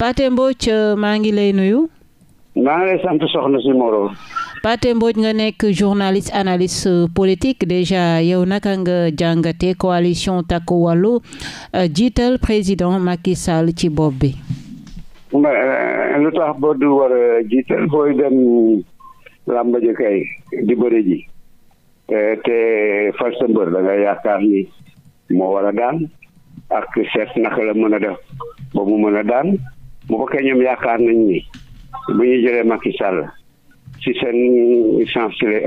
Pathé Mbodj euh, maa ngi lay nuyu. maa ngi lay sant soxna si Moreau. Pathé Mbodj nga nekk journaliste analyste euh, politique déjà yow naka nga jàngate coalition Takku Wallu euh, jiital président Macky Sall ci bopp bi. lu tax boo du war a jiital booy dem làmb kay di bëre te fal mbër da yaakaar ni moo war a daan ak seet naka la mën a def ba mu mën a daan. bu bokkee ñoom yaakaar nañ ni bu ñu jëlee Macky Sall si seen chance ci lay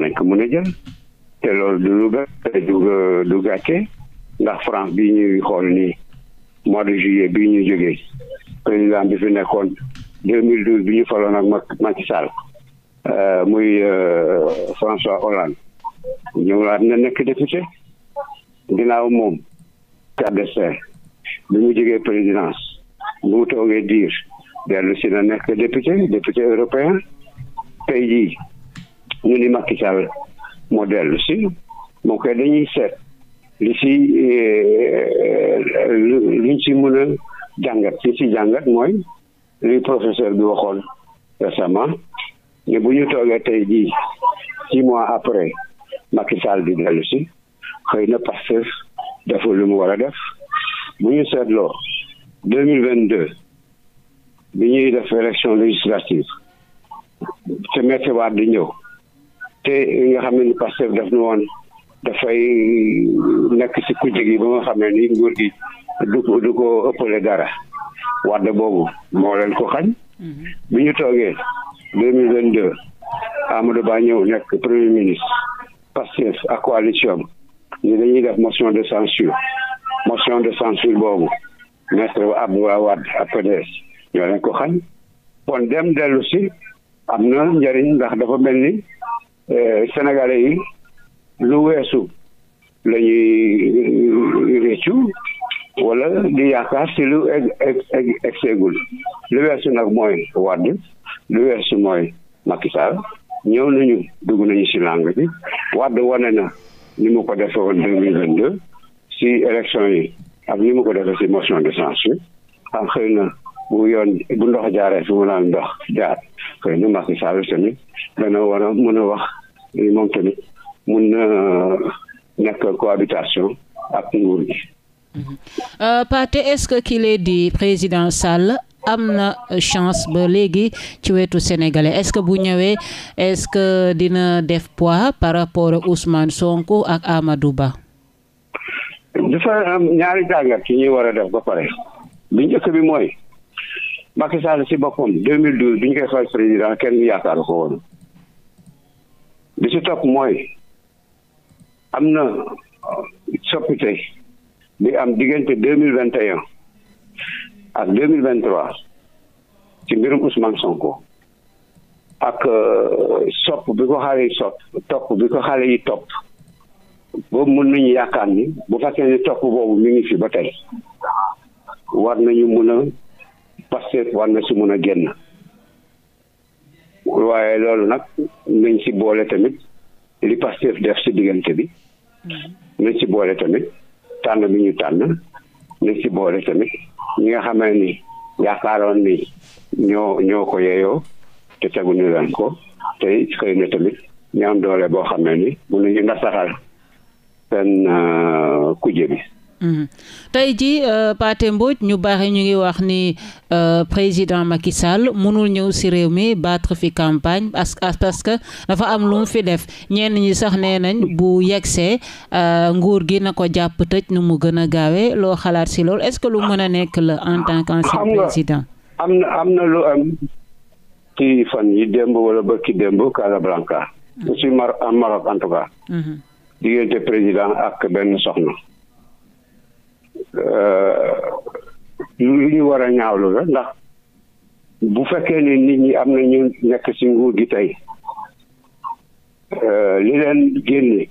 nañ ko mun a jël te loolu du lu du du gàcce ndax France bii ñuy xool nii mois de juillet bii ñu jógee président bi fi nekkoon 2012 bi ñu faloon ak makisal Sall euh, muy euh, François Hollande ñëwlaat na nekk député ginnaaw moom Cap Vert bi mu jógee présidence bu mu toogee diir dellu si na nekk député député européen tey jii ñu ni Macky moo dellu si moo koy dañuy seet eh, eh, lu si liñ si mën a jàngat li si jàngat mooy li professeur bi waxoon récemment ne bu ñu toogee tey jii six mois après Macky Sall di dellu si xëy na Pastef deful lu mu war a def bu ñu seetloo deux mille vingt deux bi ñuy def élection législative te metti waat di ñëw te nga xam ne ni Pastef def nu woon dafay nekk ci kujje gi ba nga xam ne ni nguur gi du ko du ko ëppale dara wàdd boobu moo leen ko xañ mm-hmm. bi ñu toogee deux mille vingt deux Amadou baa ñëw nekk premier ministre Pastef ak coalition ñu dañuy def motion de censure motion de censure boobu maître Abdoulaye Wade ak PDS ñoo leen ko xañ kon dem dellu si am na njariñ ndax dafa mel ni euh, sénégalais yi lu weesu lañuy ñuy euh, réccu wala di yaakaar si lu egseegul lu weesu nag mooy Wade lu weesu mooy Macky ñëw nañu dugg nañu si langue bi Wade wane na ni mu ko defee woon deux mille vingt deux si élection yi am ni mu ko defee si motion de censure am xëy na ndox jaaree fi mu naan ndox jaar xëy na Macky Sall tamit dana war a a wax moom tamit mun na euh, nekk cohabitation ak nguur gi. Euh, Pathé est-ce que ki lay di président Sall am na chance ba léegi ci wetu sénégalais est-ce que bu ñëwee est-ce que dina def poids par rapport ak Ousmane Sonko ak Amadou Ba. dafa am ñaari jàngat yi ñuy war a def ba pare bi njëkk bi mooy Macky Sall si boppam 2012 bi ñu koy fal président kenn yaakaaru ko woon bi si topp mooy am na soppite bi am diggante 2021 ak 2023 ci mbirum Ousmane Sonko ak euh, sopp bi ko xale yi sopp topp bi ko xale yi topp boobu mën nañu yaakaar ni bu fekkee ni topp boobu mu ngi fi ba tey war nañu mën a Pastef war na si mën a génn waaye loolu nag nañ ci boole tamit li Pastef def si diggante bi nañ ci boole tamit tànn bi ñu tànn nañ ci boole tamit ñi nga xamee ni yaakaaroon ni ñoo ñoo ko yeyoo te teguñu leen ko te xëy na tamit ñi doole boo xamee ni mën nañu nasaxal seen euh, kuje bi. Mhm. tey jii euh, Pathé Mbodj ñu bari ñu ngi wax ni euh, président Macky Sall mënul ñëw si réew mi battre fi campagne parce que dafa am lu mu fi def ñenn ñi sax nee nañ bu yegsee nguur gi na ko jàpp tëj nu mu gën a gaawee loo xalaat si lool est-ce que lu mën a nekk la en tant président. am na am na lu am ci fan yi démb wala ba ki Casablanca. Mhm. je suis Maroc en Maroc mhm. diggante président ak benn soxna euh, lu ñu war a ñaawlu la ndax bu fekkee ni nit ñi am na ñu nekk ci nguur gi tey euh, li leen génne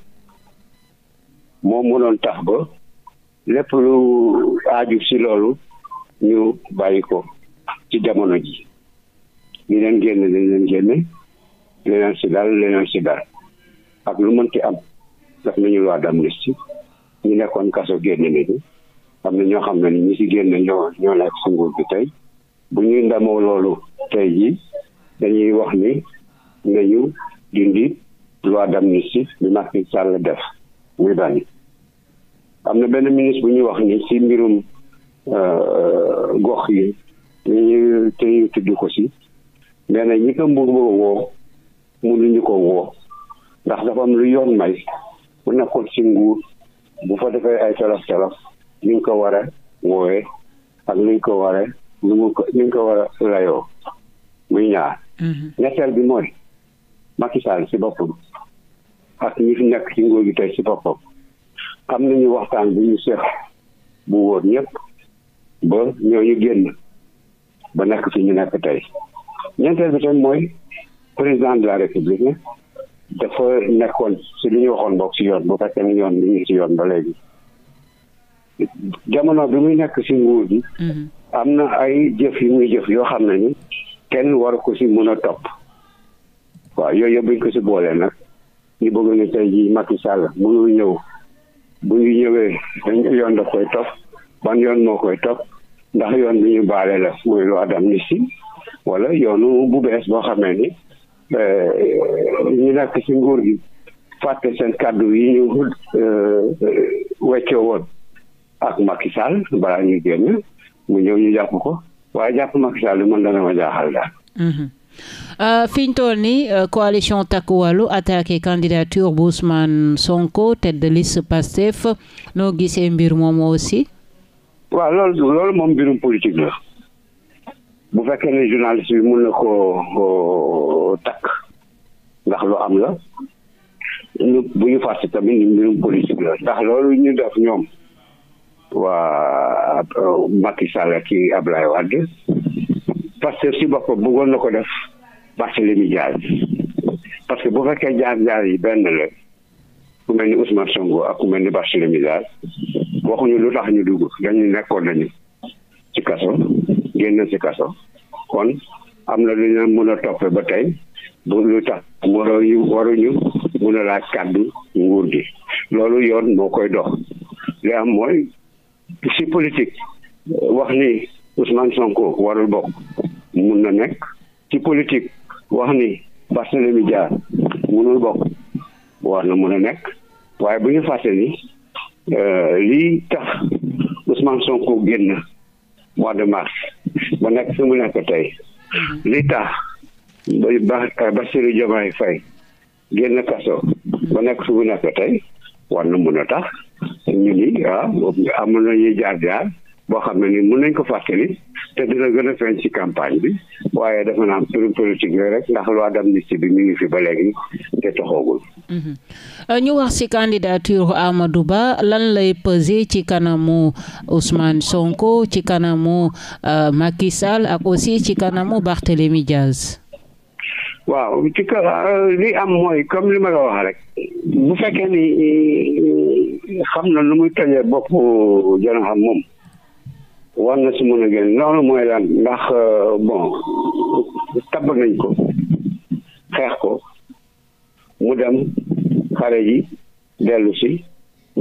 moo mënoon tax ba lépp lu aaju ci loolu ñu bàyyi ko ci jamono ji li leen génne li leen génne leneen ci dal leneen ci dal ak lu mënti am def nañu loi d'amnistie ñu nekkoon kaso génn nañu am na ñoo xam ne ni ñi si génn ñoo ñoo nekk si bi tey bu ñuy ndamoo loolu tey jii dañuy wax ni nañu dindi loi d'amnistie bi Macky sàll def muy dani am na benn ministre bu ñuy wax ni si mbirum euh, gox yi ñu te ñu tudd ko si nee na ñi ko mbur woo mënuñu ko woo ndax dafa lu yoon may bu nekkoon si nguur bu fa defee ay tolof tolof ni ñu ko war a woowee ak ni ko war a ni mu ko ni war a layoo muy ñaar. Mhm. ñetteel bi mooy Macky Sall ci boppam ak ñi fi nekk ci nguur gi tey ci boppam am nañu waxtaan bu ñu seq bu wóor ñëpp ba ñooñu génn ba nekk fi ñu nekk tey ñeenteel bi tam mooy président de la république. dafa nekkoon si li ñu waxoon bokk si yoon bu fekkee ni yoon bi ñu si yoon ba léegi jamono bi muy nekk si nguur gi mhm. am na ay jëf yu muy jëf yoo xam ne ni kenn waru ko si mën a topp waaw yooyu yëpp buñ ko si boolee nag ñu bëgg ne tey jii Macky Sall mënul ñëw bu ñu ñëwee dañ yoon daf koy topp ban yoon moo koy topp ndax yoon bi ñu baale la muy loi d'amnistie wala yoonu bu bees boo xam ne ni Eh, ñu nekk ci nguur gi fàtte seen kàddu yi ñu eh, weccoo woon ak Macky balaa ñu génn mu ñëw ñu jàpp ko waaye jàpp Macky Sall man dana ma jaaxal daal. Mm-hmm. Euh, fi ñu toll nii euh, coalition Takku Wallu attaqué candidature bu Sonko tête de liste noo gisee mbir moom aussi. waaw loolu loolu moom mbirum politique la. bu fekkee ne journaliste bi mun na koo takk ndax lu am la bu ñu fàtte tamit ni mbirum politique la ndax loolu ñu def ñoom waa Macky Sall ak kii Ablaye Wade parce que si boppam bëggoon na ko def Barthélémy Dias parce que bu fekkee jaar-jaar yi benn la ku mel ni Ousmane Sonko ak ku mel ni Barthélémy Dias waxuñu lu tax ñu dugg dañu nekkoon nañu ci kaso génn si kaso kon am na lu ñu mën a toppee ba tey bu lu tax waruñu waruñu mën a laaj kàddu nguur gi loolu yoon moo koy dox li am mooy si politique wax ni Ousmane Sonko warul bokk mun na nekk ci politique wax ni Barthélémy Dias munul bokk war na mun a nekk waaye bu ñu fàtte ni euh, lii tax Ousmane Sonko génn mois de mars ba nekk fi mu nekk tey mm-hmm. li tax ba Bassirou Diomaye Faye génn kaso ba nekk fi mu nekk tey war na a tax ñu ni waaw ah, am jaar jaar boo xam ne ni mën nañ ko fàttali te dina gën a feeñ ci campagne bi waaye dafa naan mbirum politique yooyu rek ndax loi d'amnistie bi mi ngi fi ba léegi te taxoogul. Mhm. Euh, ñu wax ci candidature Amadou Ba lan lay peser ci kanamu Ousmane Sonko ci kanamu euh, Macky ak aussi ci kanamu Barthélémy Diaz. waaw ci ka euh, li am mooy comme li ma la wax rek bu fekkee ni xam na lu muy tojee bopp jana moom war na si mën a génn loolu mooy lan ndax euh, bon tabb nañ ko xeex ko mu dem xare ji dellu si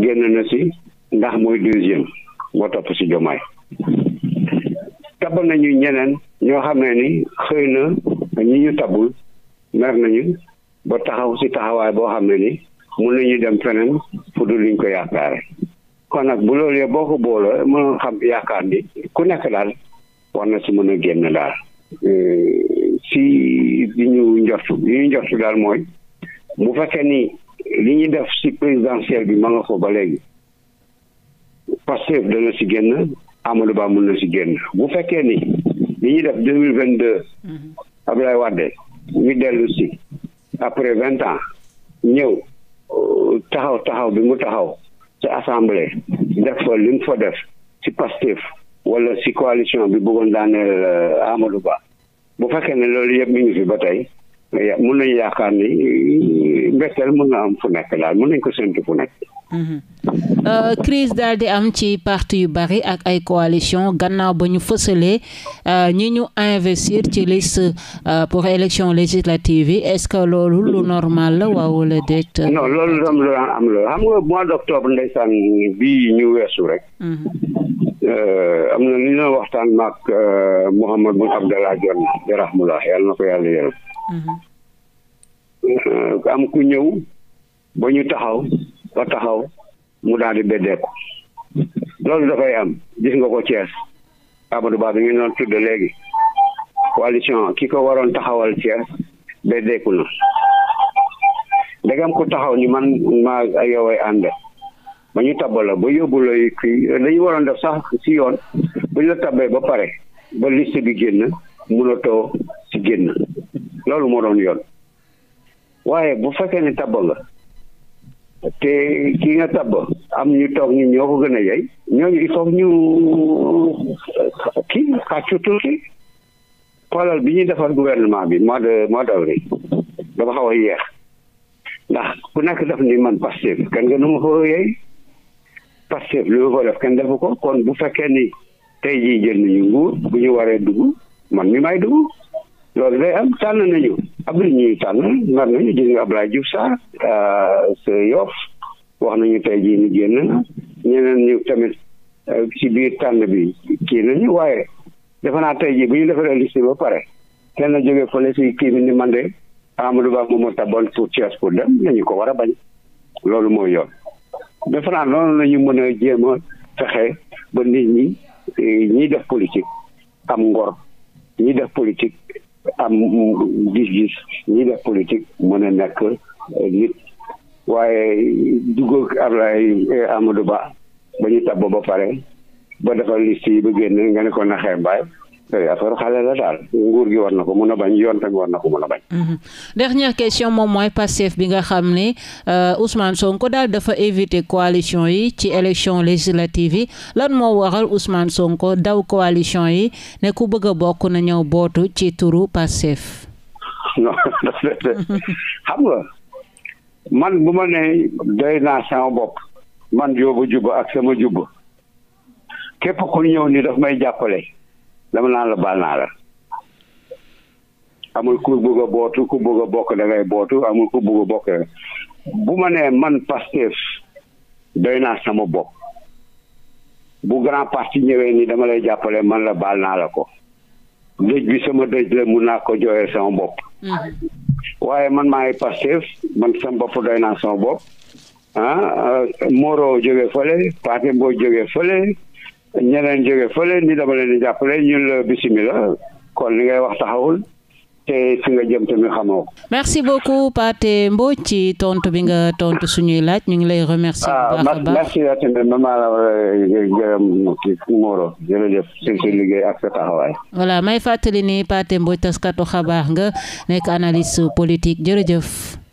génn na si ndax mooy deuxième moo topp si jomaay tabb nañu ñeneen ñoo xam ne ni xëy na ñi ñu tabul mer nañu ba taxaw si taxawaay boo xam ne ni mun nañu dem feneen fu dul liñ ko yaakaare kon nag bu loolu boo ko boole ma xam yaakaar ni ku nekk daal war na si mën a génn daal euh, si li ñu njortu li ñu njortu daal mooy bu fekkee ni li ñu def si présidentielle bi ma nga foofu ba léegi Pastef dana si génn Amadou Ba mën si génn bu fekkee ni li ñu def deux mille vingt deux mhm. Abdoulaye Wade ñu dellu si après vingt ans ñëw euh, taxaw taxaw bi mu taxaw ci assemblée def fa li mu fa def ci Pastef wala ci coalition bi bëggoon daaneel euh, Amadou Ba bu fekkee ne loolu yëpp mi ngi fi ba tey mun nañu yaakaar ni eh, mbetteel mun na am fu nekk daal mun nañ ko séntu fu nekk. Mhm. Euh, crise daal di am ci parti yu bari ak ay coalition gannaaw ba ñu fësalee euh, ñi ñu investir ci liste euh, pour élection législative yi est-ce que loolu lu normal la waaw wala déet. non loolu daan am loolu xam nga mois d'octobre ndeysaan bii ñu weesu rek. Mhm. am na li ñu waxtaan maak Mouhamadou Boun Abdallah Dionne rahmatullah yàlla na ko yàlla yërëm. Mm-hmm. am ku ñëw ba ñu taxaw ba taxaw mu daal di beddeeku loolu dafay am gis nga ko Thiès Amadou Ba bi ngi doon léegi coalition ki ko waroon taxawal Thiès beddeeku na ndegam ku taxaw ni man maa yowee ànd ba ñu tabb la ba yóbbu la kii dañu waroon def sax si yoon bu la tabbee ba pare ba liste bi génn mënatoo si génn loolu moo doon yoon waaye bu fekkee ne tabb la te ki nga tabb am ñu toog ñu ñoo ko gën a yey ñooñu il faut ñu kii xàccu tuuti xoolal bi ñuy defar gouvernement bi mois de mois d'avril dafa xaw a yeex ndax ku nekk daf ni man Pastef kenn nga nu ma ko yey Pastef li ma ko def kenn defu ko kon bu fekkee ni te jii jël nañu nguur bu ñu waree dugg man mi may dugg loolu day am tànn nañu am na ñuy tànn nar nañu gis nga Abdoulaye Diouf saa euh, sa Yoff wax nañu tey jii ni génn na ñeneen ñu tamit euh, ci biir tànn bi kii nañu waaye defe naa tey jii bu ñu defaree liste ba pare kenn jógee fële si kii bi ni man de Amadou Ba moom moo taboon pour Thiès pour dem nañu ko war a bañ loolu mooy yoon defe naa noonu la mën a jéem fexe ba nit ñi eh, ñiy def politique am ngor ñi def politique am gis-gis ñi def politique mën a nekk eh, nit waaye dugg Ablaye eh, am Ba ba ñu tabb ba pare ba defal liste yi ba génn nga ne na naxee affaire xale la daal nguur gi war na ko mun a bañ yoon tamit war na ko mun a bañ. Mhm. dernière question moom mooy Pastef bi nga xam ne euh, Ousmane Sonko daal dafa éviter coalition yi ci élection législative yi lan moo waral Ousmane Sonko daw coalition yi ne ku bëgg a bokk na ñëw bootu ci turu Pastef. xam nga man bu ma nee doy sama bopp man yóbbu jubba ak sama jubba képp ku ñëw ni daf may jàppale. dama naan baal naa la amul ku bëgg a bootu ku bëgg bokk da bootu amul ku bëgg bokk bu ma man Pastef doy naa sama bopp bu grand parti ñëwee ni dama lay jàppale man la baal naa la ko dëj bi sama dëj la mun naa ko jooyal sama bopp mm-hmm. waaye man maa ngi Pastef man sama bopp doy naa sama bopp ah Moro jógee fële Pathé Mbodj jógee fële ñeneen jóge fële ni dama leen di jàppale ñun la bisimilah kon li ngay wax taxawul te fi nga jëm tamit xamoo ko. merci beaucoup Pathé Mbodj ci tontu bi nga tontu suñuy laaj ñu ngi lay remercier. bu baax ah, la euh, gërëm Moreau jërëjëf ci sa liggéey ak sa taxawaay. voilà may fàttali ni Pathé Mbodj taskatu xabaar nga nekk analyste politique jërëjëf.